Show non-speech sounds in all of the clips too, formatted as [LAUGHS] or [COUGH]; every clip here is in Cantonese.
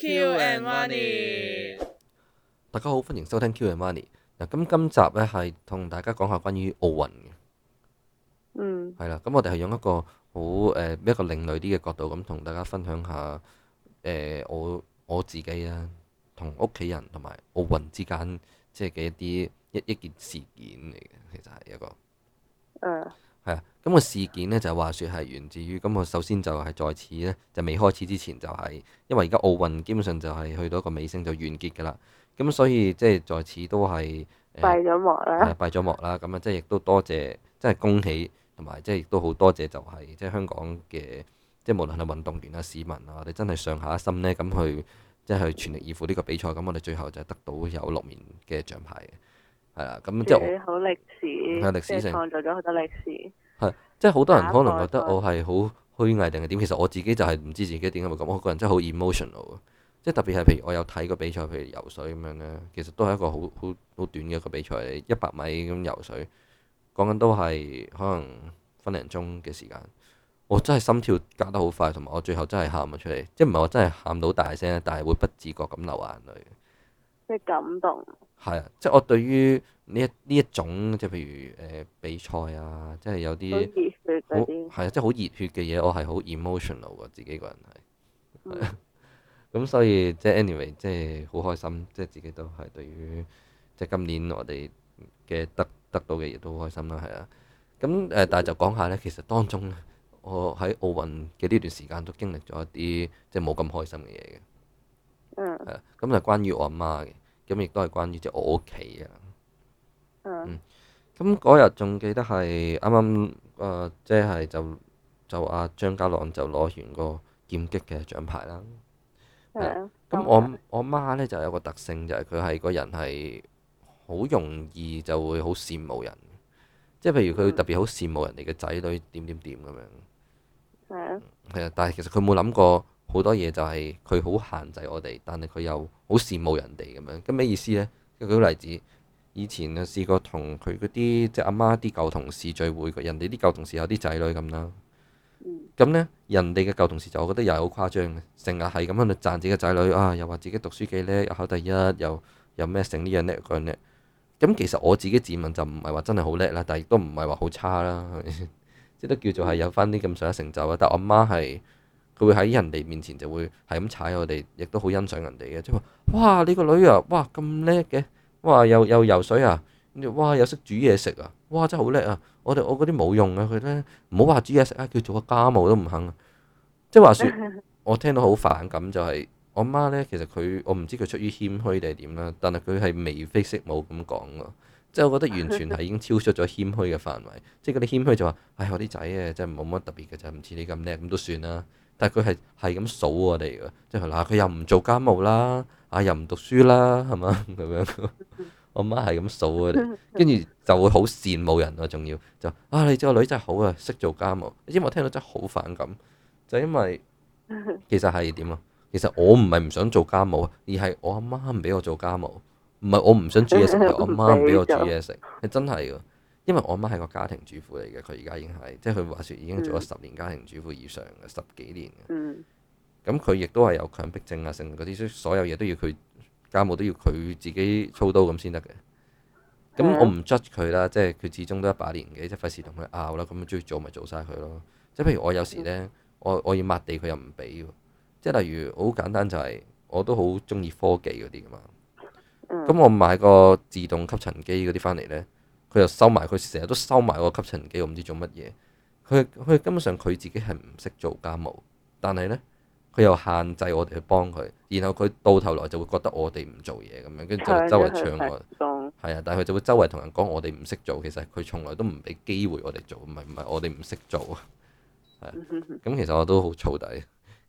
Q and Money，大家好，歡迎收聽 Q and Money。嗱，咁今集呢，係同大家講下關於奧運嘅，嗯，係啦，咁我哋係用一個好誒、呃、一個另類啲嘅角度，咁同大家分享下誒、呃、我我自己啊，同屋企人同埋奧運之間即係嘅一啲一一件事件嚟嘅，其實係一個，嗯，係啊。咁個事件咧就係話說係源自於咁我首先就係在此咧就未開始之前就係、是，因為而家奧運基本上就係去到一個尾聲就完結噶啦。咁所以即係在此都係閉咗幕啦，閉咗幕啦。咁啊，即係亦都多謝，即係恭喜同埋即係亦都好多謝，就係即係香港嘅，即係無論係運動員啊、市民啊，我哋真係上下一心咧，咁去即係去全力以赴呢個比賽。咁我哋最後就係得到有六面嘅獎牌嘅，係啦。咁即好歷史，係歷史性創造咗好多歷史。即係好多人可能覺得我係好虛偽定係點，其實我自己就係唔知自己點解會咁。我個人真係好 emotional，即係特別係譬如我有睇個比賽，譬如游水咁樣咧，其實都係一個好好好短嘅一個比賽，一百米咁游水，講緊都係可能分零鐘嘅時間。我真係心跳加得好快，同埋我最後真係喊咗出嚟，即係唔係我真係喊到大聲，但係會不自覺咁流眼淚。即係感動。係啊，即係我對於。呢一呢一種即係譬如誒、呃、比賽啊，即係有啲好 [MUSIC] 啊，即係好熱血嘅嘢，我係好 emotional 嘅自己個人係，咁、嗯、 [LAUGHS] [LAUGHS] 所以即係 anyway，即係好開心，即係自己都係對於即係今年我哋嘅得得到嘅嘢都好開心啦，係啊，咁誒但係就講下呢，其實當中我喺奧運嘅呢段時間都經歷咗一啲即係冇咁開心嘅嘢嘅，嗯，咁就關於我阿媽嘅，咁亦都係關於即係我屋企啊。嗯，咁嗰日仲記得係啱啱誒，即係就就阿張家朗就攞完個劍擊嘅獎牌啦。係咁我我媽呢就有個特性，就係佢係個人係好容易就會好羨慕人，即係譬如佢特別好羨慕人哋嘅仔女點點點咁樣。係啊。但係其實佢冇諗過好多嘢，就係佢好限制我哋，但係佢又好羨慕人哋咁樣。咁咩意思呢？即係舉個例子。以前啊，試過同佢嗰啲即係阿媽啲舊同事聚會，人哋啲舊同事有啲仔女咁啦。咁呢，人哋嘅舊同事就我覺得又係好誇張嘅，成日係咁喺度讚自己嘅仔女啊，又話自己讀書幾叻，又考第一，又又咩成呢樣叻嗰樣叻。咁其實我自己自問就唔係話真係好叻啦，但係亦都唔係話好差啦，即 [LAUGHS] 都叫做係有翻啲咁上一成就啊。但係阿媽係佢會喺人哋面前就會係咁踩我哋，亦都好欣賞人哋嘅，即係話哇你個女啊，哇咁叻嘅！哇！又又游水啊！哇！又識煮嘢食啊！哇！真係好叻啊！我哋我啲冇用嘅佢咧，唔好話煮嘢食啊，叫做個家務都唔肯啊。即係話説，我聽到好反感就係，我媽咧。其實佢我唔知佢出於謙虛定係點啦，但係佢係眉飛色舞咁講嘅。即係我覺得完全係已經超出咗謙虛嘅範圍。 [LAUGHS] 即係嗰啲謙虛就話：唉，我啲仔啊，真係冇乜特別嘅就唔似你咁叻，咁都算啦。但係佢係係咁數我哋嘅，即係嗱，佢又唔做家務啦。啊！又唔讀書啦，係嘛咁樣？ [LAUGHS] 我媽係咁數嘅，跟住就會好羨慕人啊！仲要就啊，你做女仔好啊，識做家務。因為我聽到真係好反感，就是、因為其實係點啊？其實我唔係唔想做家務，而係我阿媽唔俾我做家務。唔係我唔想煮嘢食，係我阿媽唔俾我煮嘢食。係真係嘅、啊，因為我阿媽係個家庭主婦嚟嘅，佢而家已經係即係佢話説已經做咗十年家庭主婦以上嘅、嗯、十幾年嘅。咁佢亦都係有強迫症啊，成嗰啲所有嘢都要佢家務都要佢自己操刀咁先得嘅。咁、mm hmm. 我唔捽佢啦，即係佢始終都一把年紀，即係費事同佢拗啦。咁中意做咪做晒佢咯。即係譬如我有時咧、mm hmm，我我要抹地佢又唔俾喎。即係例如好簡單就係、是、我都好中意科技嗰啲㗎嘛。咁、mm hmm. 我買個自動吸塵機嗰啲翻嚟咧，佢又收埋佢，成日都收埋個吸塵機，我唔知做乜嘢。佢佢根本上佢自己係唔識做家務，但係咧。佢又限制我哋去幫佢，然後佢到頭來就會覺得我哋唔做嘢咁樣，跟住就周圍唱我。係啊， [NOISE] 但係佢就會周圍同人講我哋唔識做，其實佢從來都唔俾機會我哋做，唔係唔係我哋唔識做啊。咁、嗯、 [LAUGHS] 其實我都好燥底。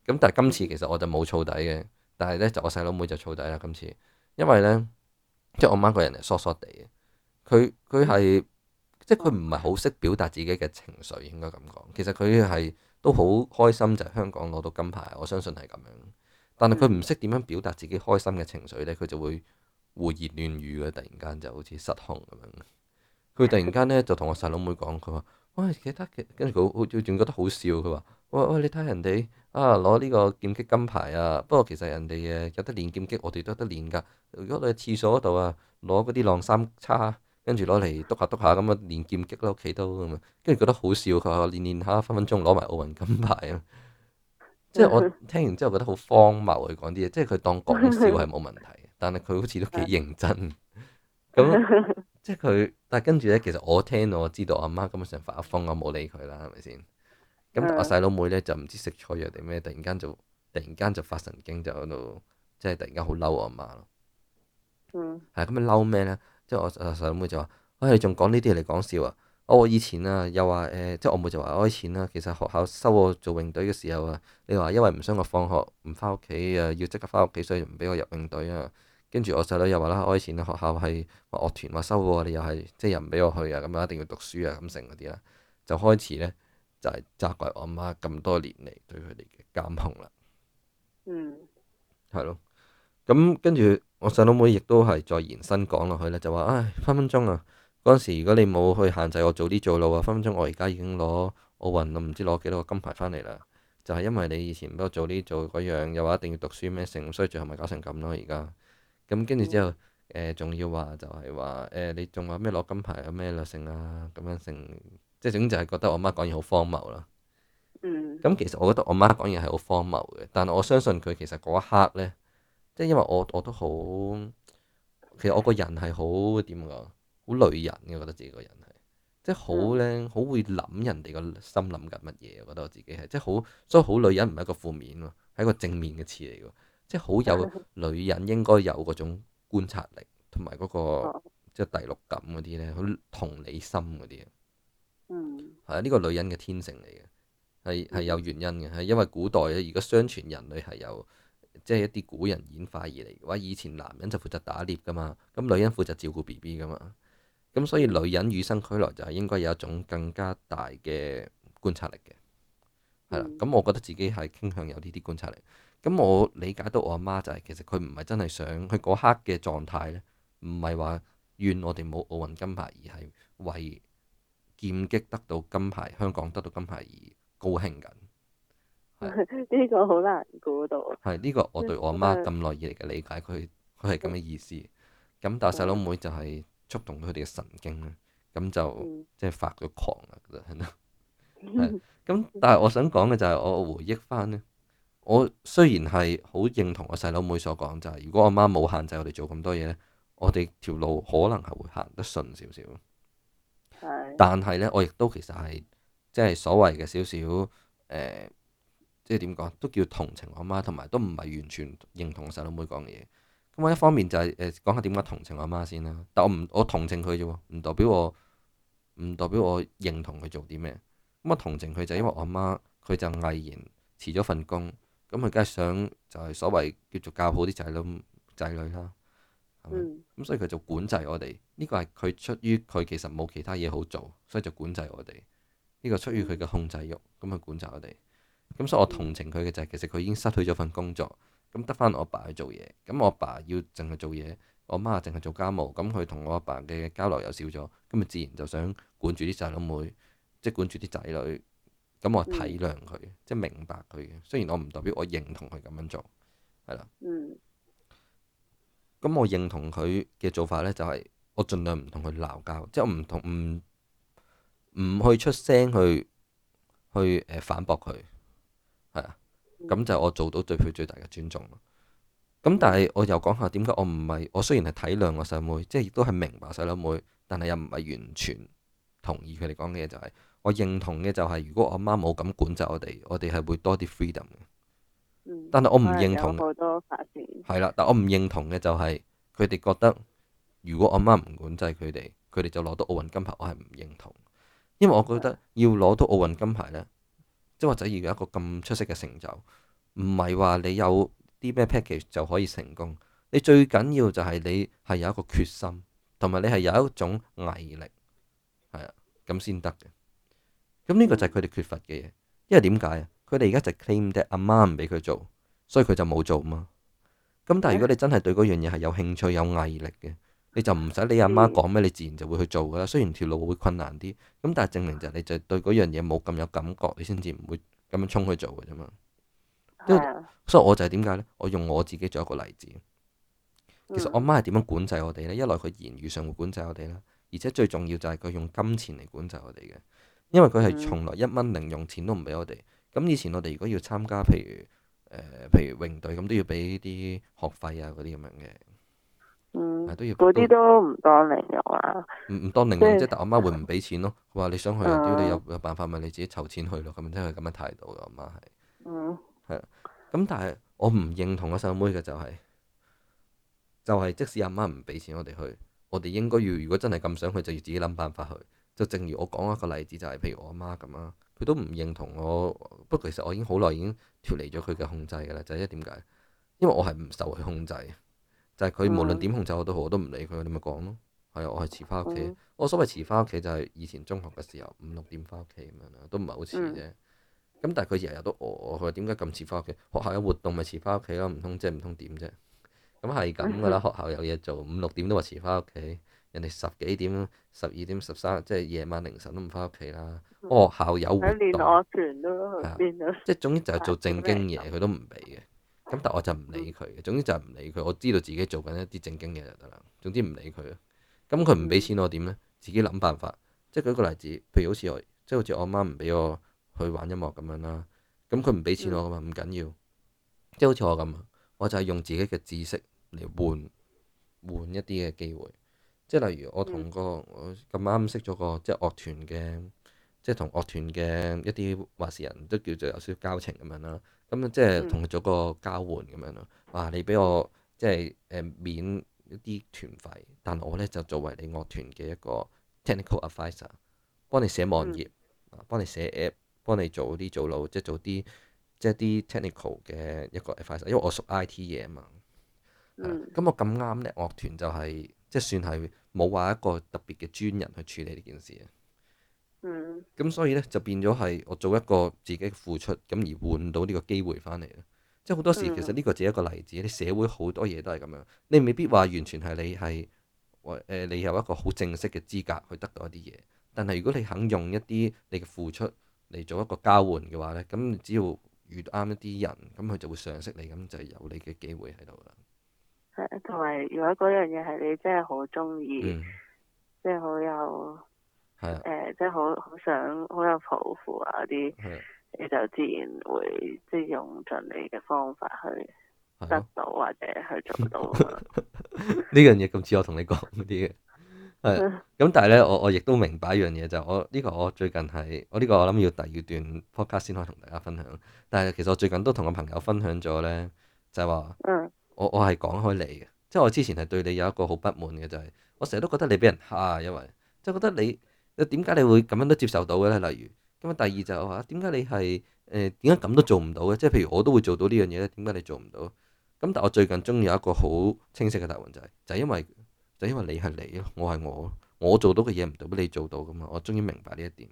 咁但係今次其實我就冇燥底嘅，但係呢，就我細佬妹就燥底啦今次，因為呢，即係我媽個人係疏疏地，佢佢係即係佢唔係好識表達自己嘅情緒應該咁講，其實佢係。都好開心就係香港攞到金牌，我相信係咁樣。但係佢唔識點樣表達自己開心嘅情緒呢，佢就會胡言亂語嘅。突然間就好似失控咁樣。佢突然間呢，就同我細佬妹講，佢話：喂，其他嘅，跟住佢仲覺得好笑。佢話：喂、哎、喂、哎，你睇人哋啊攞呢個劍擊金牌啊！不過其實人哋誒有得練劍擊，我哋都有得練㗎。如果你喺廁所嗰度啊，攞嗰啲晾衫叉。跟住攞嚟篤下篤下咁啊，練劍擊咯，屋企都咁啊，跟住覺得好笑，佢話練練下分分鐘攞埋奧運金牌啊！即係我聽完之後覺得好荒謬佢講啲嘢，即係佢當講笑係冇問題，但係佢好似都幾認真咁，即係佢。但係跟住咧，其實我聽到我知道阿媽根本上發阿瘋，我冇理佢啦，係咪先？咁我細佬妹咧就唔知食錯藥定咩，突然間就突然間就發神經，就喺度即係突然間好嬲我阿媽咯。嗯，係咁啊嬲咩咧？即我細佬妹就、哎、話，唉，仲講呢啲嚟講笑啊！我以前啊，又話誒，即係我妹就話開錢啦。其實學校收我做泳隊嘅時候啊，你話因為唔想我放學唔翻屋企啊，要即刻翻屋企，所以唔俾我入泳隊啊。跟住我細佬又話啦，開錢啦，學校係話樂團話收我，你又係即係又唔俾我去啊，咁啊一定要讀書啊，咁成嗰啲啦。就開始呢，就係、是、責怪我媽咁多年嚟對佢哋嘅監控啦。嗯。係咯。咁跟住，我細佬妹亦都係再延伸講落去咧，就話：唉、哎，分分鐘啊！嗰陣時，如果你冇去限制我早啲做路啊，分分鐘我而家已經攞奧運啊，唔知攞幾多個金牌翻嚟啦！就係、是、因為你以前都過早啲做嗰樣，又話一定要讀書咩成，所以最後咪搞成咁咯。而家咁跟住之後，誒仲、嗯呃、要話就係話誒你仲話咩攞金牌啊咩啦性啊咁樣成，即係總之就係覺得我媽講嘢好荒謬啦。嗯。咁其實我覺得我媽講嘢係好荒謬嘅，但係我相信佢其實嗰一刻呢。即係因為我我都好，其實我個人係好點講，好女人我覺得自己個人係，即係好咧，好會諗人哋個心諗緊乜嘢，我覺得我自己係，即係好，所以好女人唔係一個負面喎，係一個正面嘅詞嚟嘅，即係好有女人應該有嗰種觀察力同埋嗰個即係第六感嗰啲咧，好同理心嗰啲啊。嗯，係啊，呢個女人嘅天性嚟嘅，係係有原因嘅，係因為古代咧，如果相傳人類係有。即係一啲古人演化而嚟嘅話，以前男人就負責打獵㗎嘛，咁女人負責照顧 BB 㗎嘛，咁所以女人與生俱來就係應該有一種更加大嘅觀察力嘅，係啦。咁我覺得自己係傾向有呢啲觀察力。咁我理解到我阿媽就係其實佢唔係真係想，佢嗰刻嘅狀態咧，唔係話怨我哋冇奧運金牌而係為劍擊得到金牌，香港得到金牌而高興緊。呢 [LAUGHS] 個好難估到。係呢個我對我阿媽咁耐以嚟嘅理解，佢佢係咁嘅意思。咁但係細佬妹就係觸動咗佢哋嘅神經咧，咁、嗯、就即係發咗狂啦，覺得係咯。咁，但係我想講嘅就係我回憶翻呢，我雖然係好認同我細佬妹所講，就係如果我媽冇限制我哋做咁多嘢對呢，我哋條路可能係會行得順少少。但係呢，我亦都其實係即係所謂嘅少少即係點講，都叫同情我媽，同埋都唔係完全認同細佬妹講嘢。咁我一方面就係誒講下點解同情我媽先啦。但我唔我同情佢啫喎，唔代表我唔代表我認同佢做啲咩。咁啊同情佢就因為我媽佢就毅然辭咗份工，咁佢梗係想就係所謂叫做教好啲仔女仔女啦，係咪？咁、嗯、所以佢就管制我哋呢個係佢出於佢其實冇其他嘢好做，所以就管制我哋呢個出於佢嘅控制欲，咁啊管制我哋。咁所以我同情佢嘅就係，其實佢已經失去咗份工作，咁得翻我爸去做嘢，咁我爸要淨係做嘢，我媽淨係做家務，咁佢同我阿爸嘅交流又少咗，咁咪自然就想管住啲細佬妹，即係管住啲仔女。咁我體諒佢、嗯、即係明白佢嘅。雖然我唔代表我認同佢咁樣做，係啦。嗯。咁我認同佢嘅做法咧，就係、是、我盡量唔同佢鬧交，即我唔同唔唔去出聲去去誒、呃、反駁佢。係啊，咁就係我做到對佢最大嘅尊重咯。咁但係我又講下點解我唔係我雖然係體諒我細妹，即係亦都係明白細佬妹，妹，但係又唔係完全同意佢哋講嘅嘢。就係我認同嘅就係，如果我媽冇咁管制我哋，我哋係會多啲 freedom。嗯，但係我唔認同。好係啦，但我唔認同嘅就係佢哋覺得，如果我媽唔管制佢哋，佢哋就攞到奧運金牌，我係唔認同。因為我覺得要攞到奧運金牌呢。即或者要有一個咁出色嘅成就，唔係話你有啲咩 p a c k a g e 就可以成功。最是你最緊要就係你係有一個決心，同埋你係有一種毅力。係啊，咁先得嘅。咁呢個就係佢哋缺乏嘅嘢，因為點解啊？佢哋而家就 claim 啲阿媽唔俾佢做，所以佢就冇做嘛。咁但係如果你真係對嗰樣嘢係有興趣有毅力嘅，你就唔使你阿媽講咩，你自然就會去做噶啦。嗯、雖然條路會困難啲，咁但係證明就係你就對嗰樣嘢冇咁有感覺，你先至唔會咁樣衝去做嘅啫嘛。嗯、所以我就係點解呢？我用我自己做一個例子。其實阿媽係點樣管制我哋呢？一來佢言語上會管制我哋啦，而且最重要就係佢用金錢嚟管制我哋嘅。因為佢係從來一蚊零用錢都唔俾我哋。咁以前我哋如果要參加，譬如誒、呃，譬如泳隊咁，都要俾啲學費啊、嗰啲咁樣嘅。嗯，嗰啲都唔要當零用啊，唔唔當零用，即係是但係我媽會唔俾錢咯，話你想去，啊、嗯，要你有有辦法咪你自己籌錢去咯，咁即係咁嘅態度咯，阿媽係，嗯，係，咁但係我唔認同阿細妹嘅就係、是，就係、是、即使阿媽唔俾錢我哋去，我哋應該要如果真係咁想去就要自己諗辦法去，就正如我講一個例子就係、是、譬如我阿媽咁樣，佢都唔認同我，不過其實我已經好耐已經脱離咗佢嘅控制噶啦，就係點解？因為我係唔受佢控制。就係佢無論點控制我都好，我都唔理佢，你咪講咯。係、嗯，我係遲翻屋企。我所謂遲翻屋企就係以前中學嘅時候五六點翻屋企咁樣都唔係好遲啫。咁但係佢日日都餓，佢話點解咁遲翻屋企？學校有活動咪遲翻屋企咯。唔通即係唔通點啫？咁係咁噶啦，學校有嘢做，五六點都話遲翻屋企。人哋十幾點、十二點、十三，即係夜晚凌晨都唔翻屋企啦。學校有活動，即係、嗯、的總之就係做正經嘢，佢都唔俾嘅。咁但我就唔理佢嘅。總之就唔理佢。我知道自己做緊一啲正經嘢就得啦。總之唔理佢咯。咁佢唔俾錢我點呢？自己諗辦法。即係舉個例子，譬如好似我，即係好似我媽唔俾我去玩音樂咁樣啦。咁佢唔俾錢我嘅嘛，唔緊要。即係好似我咁，我就係用自己嘅知識嚟換換一啲嘅機會。即係例如我同個我咁啱識咗個即係樂團嘅，即係同樂團嘅一啲話事人都叫做有少少交情咁樣啦。咁、嗯、即係同佢做個交換咁樣咯。哇，你俾我即係誒、呃、免一啲團費，但我咧就作為你樂團嘅一個 technical adviser，幫你寫網頁，嗯、啊，幫你寫 app，幫你做啲做路，即、就、係、是、做啲即係啲、就是、technical 嘅一個 adviser，因為我屬 IT 嘢啊嘛。咁、嗯、我咁啱咧，樂團就係、是、即係算係冇話一個特別嘅專人去處理呢件事。嗯，咁所以咧就變咗係我做一個自己嘅付出咁而換到呢個機會翻嚟啊！即係好多時、嗯、其實呢個只係一個例子，你社會好多嘢都係咁樣，你未必話完全係你係或、呃、你有一個好正式嘅資格去得到一啲嘢，但係如果你肯用一啲你嘅付出嚟做一個交換嘅話咧，咁只要遇啱一啲人，咁佢就會賞識你，咁就有你嘅機會喺度啦。係，同埋如果嗰樣嘢係你真係好中意，即係好有。誒， [MUSIC] 嗯、即係好好想好有抱負啊！嗰啲的你就自然會即係用盡你嘅方法去得到或者去做到。 [LAUGHS] [LAUGHS] 呢樣嘢咁似我同你講嗰啲嘅，咁。但係呢，我我亦都明白一樣嘢，就是、我呢、呢個我最近係我呢個我諗要第二段 podcast 先可以同大家分享。但係其實我最近都同個朋友分享咗呢，就係、是、話，嗯，我我係講開你嘅，即、就、係、是、我之前係對你有一個好不滿嘅，就係、是、我成日都覺得你俾人蝦，因為即係覺得你。誒點解你會咁樣都接受到嘅咧？例如咁樣，第二就話點解你係誒點解咁都做唔到嘅？即係譬如我都會做到呢樣嘢咧，點解你做唔到？咁但係我最近終於有一個好清晰嘅答案，就係、係、就因為就因為你係你咯，我係我，我做到嘅嘢唔到你做到咁啊！我終於明白呢一點。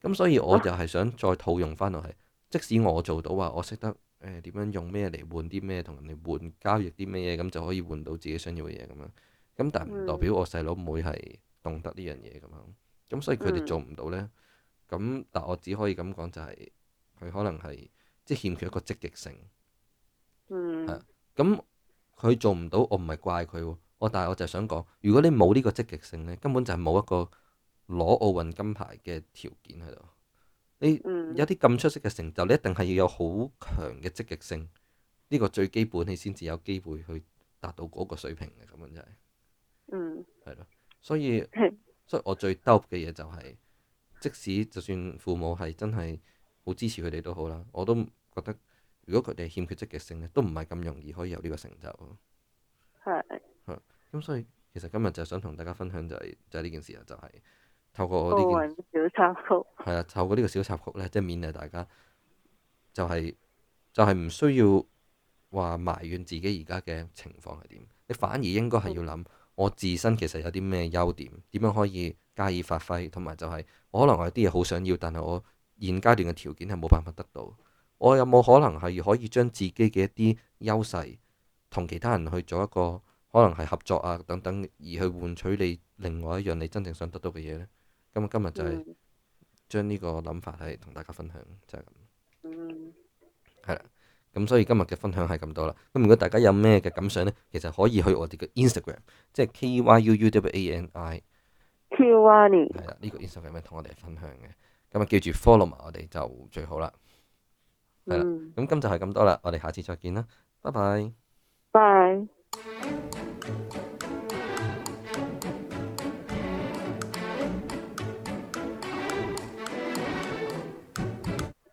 咁所以我就係想再套用翻落去，即使我做到話，我識得誒、呃、點樣用咩嚟換啲咩，同人哋換交易啲咩嘢，咁就可以換到自己想要嘅嘢咁樣。咁但係唔代表我細佬唔會係懂得呢樣嘢咁樣。咁所以佢哋做唔到呢。咁、嗯、但我只可以咁講就係、係、佢可能係即係欠缺一個積極性，係咁佢做唔到，我唔係怪佢喎。我但係我就想講，如果你冇呢個積極性呢，根本就係冇一個攞奧運金牌嘅條件喺度。你有啲咁出色嘅成就，你一定係要有好強嘅積極性，呢、呢個最基本你先至有機會去達到嗰個水平嘅，根本就係、係，嗯，係咯，所以。所以，我最嬲嘅嘢就係、是，即使就算父母係真係好支持佢哋都好啦，我都覺得如果佢哋欠缺積極性咧，都唔係咁容易可以有呢個成就。係的。咁、嗯、所以，其實今日就想同大家分享就係、是、就係、是、呢件事啊，就係、是、透過我呢個小插曲。係啊，透過呢個小插曲咧，即係勉勵大家，就係、是、就係、是、唔需要話埋怨自己而家嘅情況係點，你反而應該係要諗。嗯我自身其實有啲咩優點，點樣可以加以發揮？同埋就係我可能有啲嘢好想要，但係我現階段嘅條件係冇辦法得到。我有冇可能係可以將自己嘅一啲優勢同其他人去做一個可能係合作啊等等，而去換取你另外一樣你真正想得到嘅嘢呢？咁啊，今日就係將呢個諗法係同大家分享，就係、是、咁。嗯。係。咁所以今日嘅分享係咁多啦。咁如果大家有咩嘅感想咧其實可以去我哋嘅 Instagram，即係 K Y U U W A N I, K Y U U W A N I。喬安係啦，呢、這個 Instagram 同我哋分享嘅，咁啊叫住 follow 我哋就最好啦。係啦，咁、嗯、今集就係咁多啦，我哋下次再見啦，拜拜。bye。